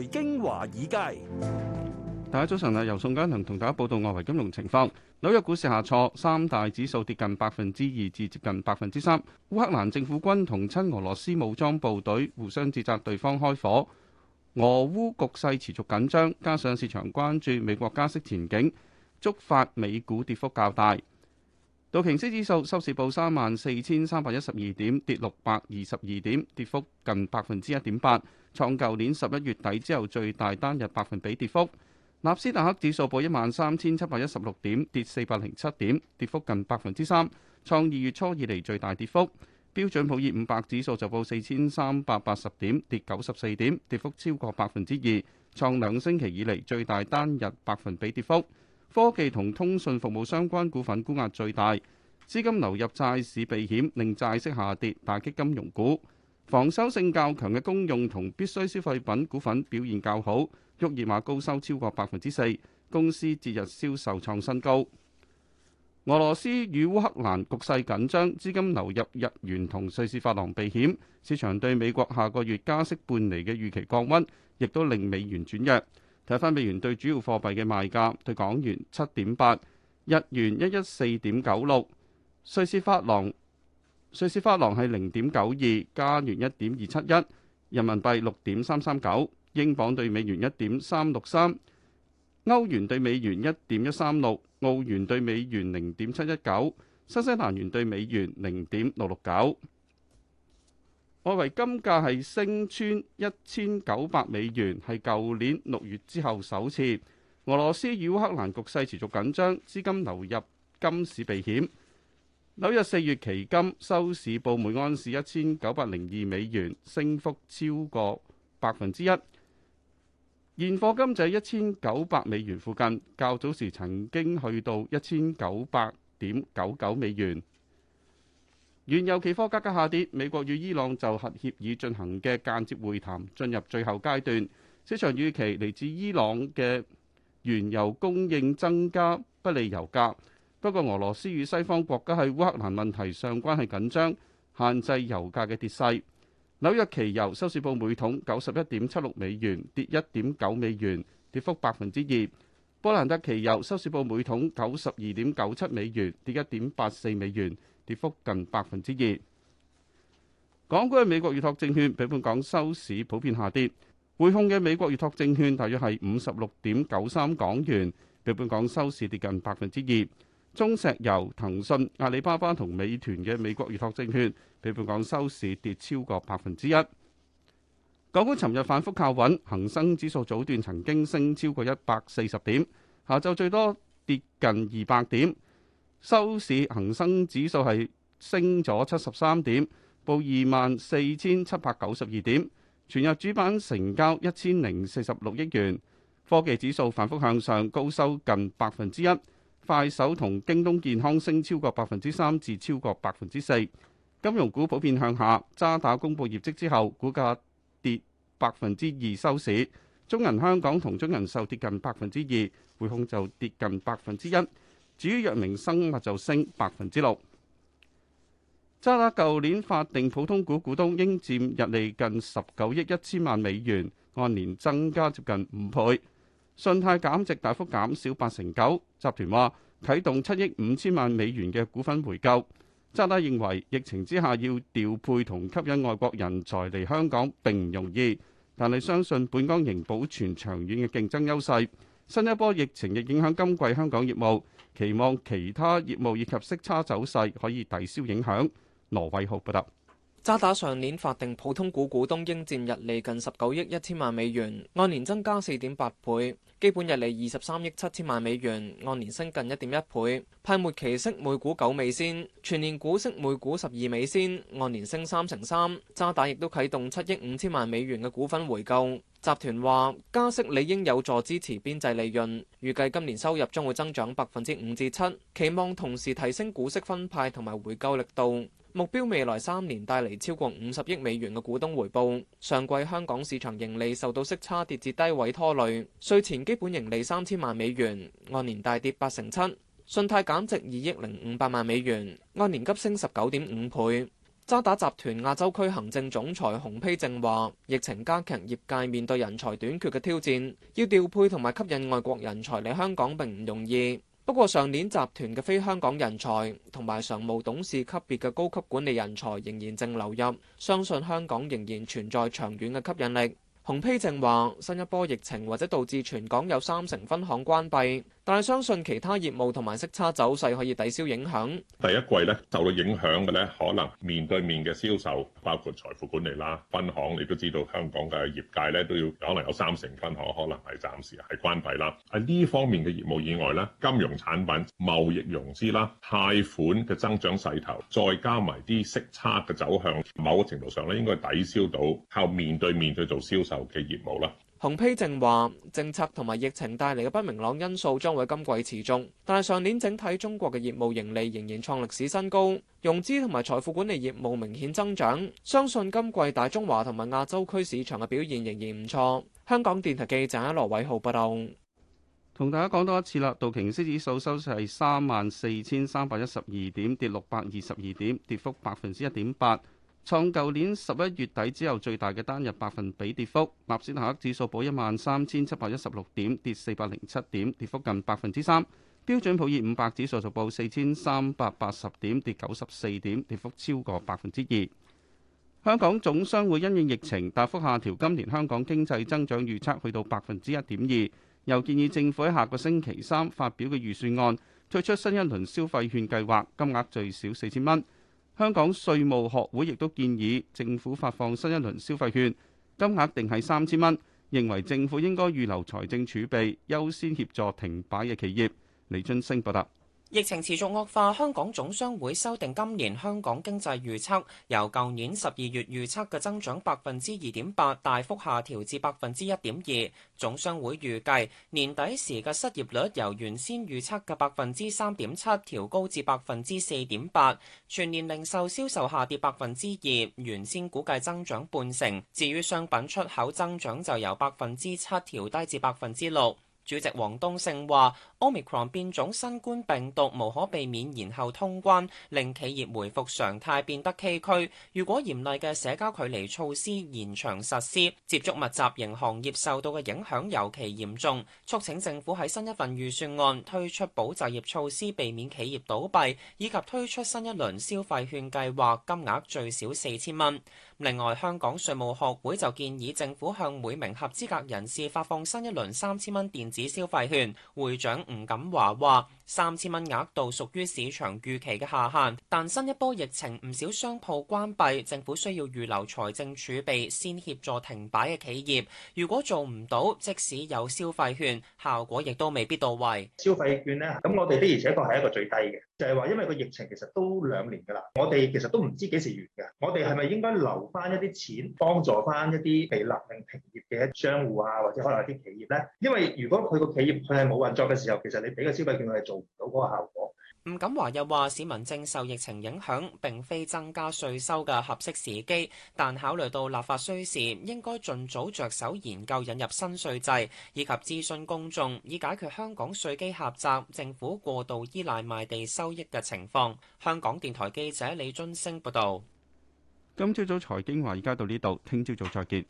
財經華爾街，大家早晨啊！由宋嘉良同大家報道外圍金融情況。紐約股市下挫，三大指數跌近百分之二至接近百分之三。烏克蘭政府軍同親俄羅斯武裝部隊互相指責對方開火，俄烏局勢持續緊張。加上市場關注美國加息前景，觸發美股跌幅較大。道瓊斯指數收市報三萬四千三百一十二點，跌六百二十二點，跌幅近百分之一點八。創舊年十一月底之後最大單日百分比跌幅。納斯達克指數報一萬三千七百一十六點，跌四百零七點，跌幅近百分之三，創二月初以嚟最大跌幅。標準普爾五百指數就報四千三百八十點，跌九十四點，跌幅超過百分之二，創兩星期以嚟最大單日百分比跌幅。科技同通訊服務相關股份沽壓最大，資金流入債市避險，令債息下跌，打擊金融股。防守性較強嘅公用同必需消費品股份表現較好，沃爾瑪高收超過百分之四，公司節日銷售創新高。俄羅斯與烏克蘭局勢緊張，資金流入日元同瑞士法郎避險。市場對美國下個月加息半釐嘅預期降温，亦都令美元轉弱。睇翻美元對主要貨幣嘅賣價對港元七點八，日元一一四點九六，瑞士法郎。瑞士法郎係零點九二，加元一點二七一，人民幣六點三三九，英鎊對美元一點三六三，歐元對美元一點一三六，澳元對美元零點七一九，新西蘭元對美元零點六六九。外圍金價係升穿一千九百美元，係舊年六月之後首次。俄羅斯與烏克蘭局勢持續緊張，資金流入金市避險。紐約四月期金收市報每安士一千九百零二美元，升幅超過百分之一。現貨金就係一千九百美元附近，較早時曾經去到一千九百點九九美元。原油期貨價格下跌，美國與伊朗就核協議進行嘅間接會談進入最後階段，市場預期嚟自伊朗嘅原油供應增加不利油價。不過俄羅斯與西方國家喺烏克蘭問題上關係緊張，限制油價嘅跌勢。紐約期油收市報每桶九十一點七六美元，跌一點九美元，跌幅百分之二。波蘭特期油收市報每桶九十二點九七美元，跌一點八四美元，跌幅近百分之二。港股嘅美國預託證券比本港收市普遍下跌，匯控嘅美國預託證券大約係五十六點九三港元，比本港收市跌近百分之二。中石油、騰訊、阿里巴巴同美團嘅美國預託證券，比本港收市跌超過百分之一。港股尋日反覆靠穩，恒生指數早段曾經升超過一百四十點，下晝最多跌近二百點，收市恒生指數係升咗七十三點，報二萬四千七百九十二點。全日主板成交一千零四十六億元，科技指數反覆向上，高收近百分之一。快手同京東健康升超過百分之三至超過百分之四，金融股普遍向下。渣打公布業績之後，股價跌百分之二收市。中銀香港同中銀壽跌近百分之二，匯控就跌近百分之一。至於藥明生物就升百分之六。渣打舊年法定普通股股東應佔溢利近十九億一千萬美元，按年增加接近五倍。信貸減值大幅減少八成九，集團話啟動七億五千萬美元嘅股份回購。渣打認為疫情之下要調配同吸引外國人才嚟香港並唔容易，但係相信本港仍保存長遠嘅競爭優勢。新一波疫情亦影響今季香港業務，期望其他業務以及息差走勢可以抵消影響。羅偉浩報道。渣打上年法定普通股股東應佔日利近十九億一千萬美元，按年增加四點八倍；基本日利二十三億七千萬美元，按年升近一點一倍。派末期息每股九美仙，全年股息每股十二美仙，按年升三成三。渣打亦都啟動七億五千萬美元嘅股份回購。集團話加息理應有助支持邊際利潤，預計今年收入將會增長百分之五至七，7, 期望同時提升股息分派同埋回購力度。目標未來三年帶嚟超過五十億美元嘅股東回報。上季香港市場盈利受到息差跌至低位拖累，稅前基本盈利三千萬美元，按年大跌八成七。信貸減值二億零五百萬美元，按年急升十九點五倍。渣打集團亞洲區行政總裁洪丕正話：疫情加劇業界面對人才短缺嘅挑戰，要調配同埋吸引外國人才嚟香港並唔容易。不過上年集團嘅非香港人才同埋常務董事級別嘅高級管理人才仍然正流入，相信香港仍然存在長遠嘅吸引力。洪丕正話，新一波疫情或者導致全港有三成分行關閉。但係相信其他業務同埋息差走勢可以抵消影響。第一季咧受到影響嘅咧，可能面對面嘅銷售，包括財富管理啦、分行，你都知道香港嘅業界咧都要可能有三成分行可能係暫時係關閉啦。喺呢方面嘅業務以外咧，金融產品、貿易融資啦、貸款嘅增長勢頭，再加埋啲息差嘅走向，某個程度上咧應該抵消到靠面對面去做銷售嘅業務啦。洪丕正話：政策同埋疫情帶嚟嘅不明朗因素將會今季持續，但係上年整體中國嘅業務盈利仍然創歷史新高，融資同埋財富管理業務明顯增長，相信今季大中華同埋亞洲區市場嘅表現仍然唔錯。香港電台記者羅偉浩報道。同大家講多一次啦，道瓊斯指數收市係三萬四千三百一十二點，跌六百二十二點，跌幅百分之一點八。創舊年十一月底之後最大嘅單日百分比跌幅。納斯達克指數報一萬三千七百一十六點，跌四百零七點，跌幅近百分之三。標準普爾五百指數就報四千三百八十點，跌九十四點，跌幅超過百分之二。香港總商會因應疫情大幅下調今年香港經濟增長預測去到百分之一點二，又建議政府喺下個星期三發表嘅預算案推出新一輪消費券計劃，金額最少四千蚊。香港稅務學會亦都建議政府發放新一輪消費券，金額定係三千蚊，認為政府應該預留財政儲備，優先協助停擺嘅企業。李津升報道。疫情持續惡化，香港總商會修訂今年香港經濟預測，由舊年十二月預測嘅增長百分之二點八大幅下調至百分之一點二。總商會預計，年底時嘅失業率由原先預測嘅百分之三點七調高至百分之四點八，全年零售銷售下跌百分之二，原先估計增長半成。至於商品出口增長就由百分之七調低至百分之六。主席王東勝話，Omicron 變種新冠病毒無可避免延後通關，令企業回復常態變得崎嶇。如果嚴厲嘅社交距離措施延長實施，接觸密集型行業受到嘅影響尤其嚴重。促請政府喺新一份預算案推出保就業措施，避免企業倒閉，以及推出新一輪消費券計劃，金額最少四千蚊。另外，香港稅務學會就建議政府向每名合資格人士發放新一輪三千蚊電子消費券。會長吳錦華話。三千蚊額度屬於市場預期嘅下限，但新一波疫情唔少商鋪關閉，政府需要預留財政儲備先協助停擺嘅企業。如果做唔到，即使有消費券，效果亦都未必到位。消費券呢，咁我哋的而且確係一個最低嘅，就係話因為個疫情其實都兩年㗎啦，我哋其實都唔知幾時完㗎，我哋係咪應該留翻一啲錢幫助翻一啲被勒令停業嘅商戶啊，或者可能一啲企業呢？因為如果佢個企業佢係冇運作嘅時候，其實你俾個消費券佢係做。到效吳錦華又話，市民正受疫情影響，並非增加稅收嘅合適時機。但考慮到立法需時，應該盡早着手研究引入新稅制，以及諮詢公眾，以解決香港稅基狹窄、政府過度依賴賣地收益嘅情況。香港電台記者李津升報道。今朝早財經話，而家到呢度，聽朝早再見。